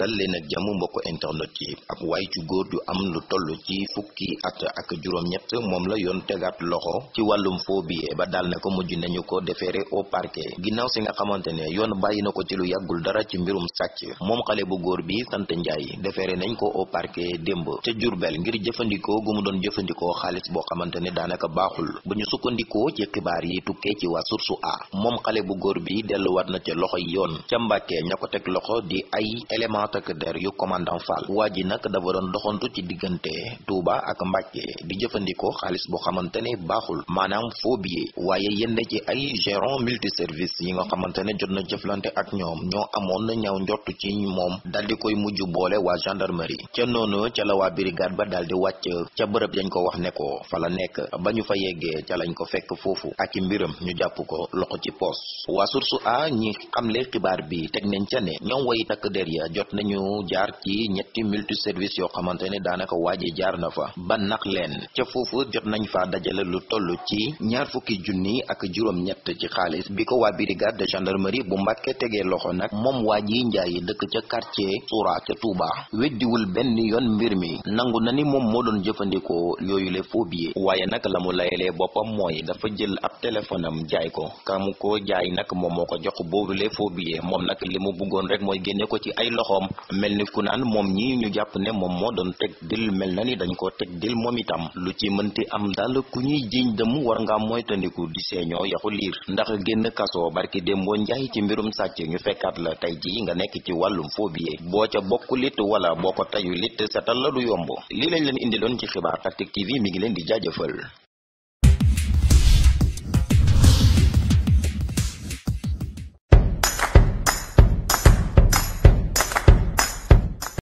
dal leen ak jàmm mbokk internet yi ab waay ci góor ju am lu toll ci fukki at ak juróom-ñett moom la yoon tegaat loxo ci wàllum faux billet ba daal na ko mujj nañu ko déféré au parquet ginnaaw si nga xamante ne yoon bàyyi na ko ci lu yàggul dara ci mbirum sàcc moom xale bu góor bi sant Njaay déféré nañ ko au parquet démb ca Jurbel ngir jëfandikoo gu mu doon jëfandikoo xaalis boo xamante ne daanaka baaxul bu ñu sukkandikoo ci xibaar yi tukkee ci waa Source A moom xale bu góor bi delluwaat na ca loxo yoon takk der yu commandant Fall waa ji nag dafa doon doxantu ci diggante Touba ak Mbàkke di jëfandikoo xaalis boo xamante ne baaxul maanaam faux billet waaye yenn ci ay gérant multiservice yi nga xamante ne jot na jëflante ak ñoom ñoo amoon na ñaw njott ci moom dal di koy mujj boole waa gendarmerie ca noonu ca la waa brigade ba daldi wàcc ca bërëb dañ ko wax ne ko fa la nekk ba ñu fa yeggee ca lañ ko fekk foofu ak ci mbiram ñu jàpp ko loxo ci poos waa bi teg nañ ca ne ñoom nañu jaar ci ñetti multi service yoo xamante ne daanaka waaje jaar na fa ba nag leen ca foofu jot nañ fa dajale lu toll ci ñaar fukki junni ak juróom ñett ci xaalis bi ko waa brigade de gendarmerie bu Mbàkke tegee loxo nag moom waa ji Njaay dëkk ca quartier Soura ca tuuba weddiwul benn yoon mbir mi nangu na ni moom moo doon jëfandikoo yooyu le faux billet waaye nag la mu layalee boppam mooy dafa jël ab téléphone am jaay ko kamu ko jaay nag moom moo ko mel ni ku naan moom ñi ñu jàpp ne moom moo doon teg dil mel na ni dañ ko teg dil moom itam lu ci mënti am dall ku ñuy jiñ dëmm war nga moytandiku di seeñoo yaxu liir ndax génn kaso barki démboo njaay ci mbirum sàcc ñu fekkaat la tey ji nga nekk ci wàllum phobie boo ca bokk lit wala boo ko tayu lit setal la du yomb lii lañ leen indi indiloon ci xibaar Tactic TV mi ngi leen di jaajëfal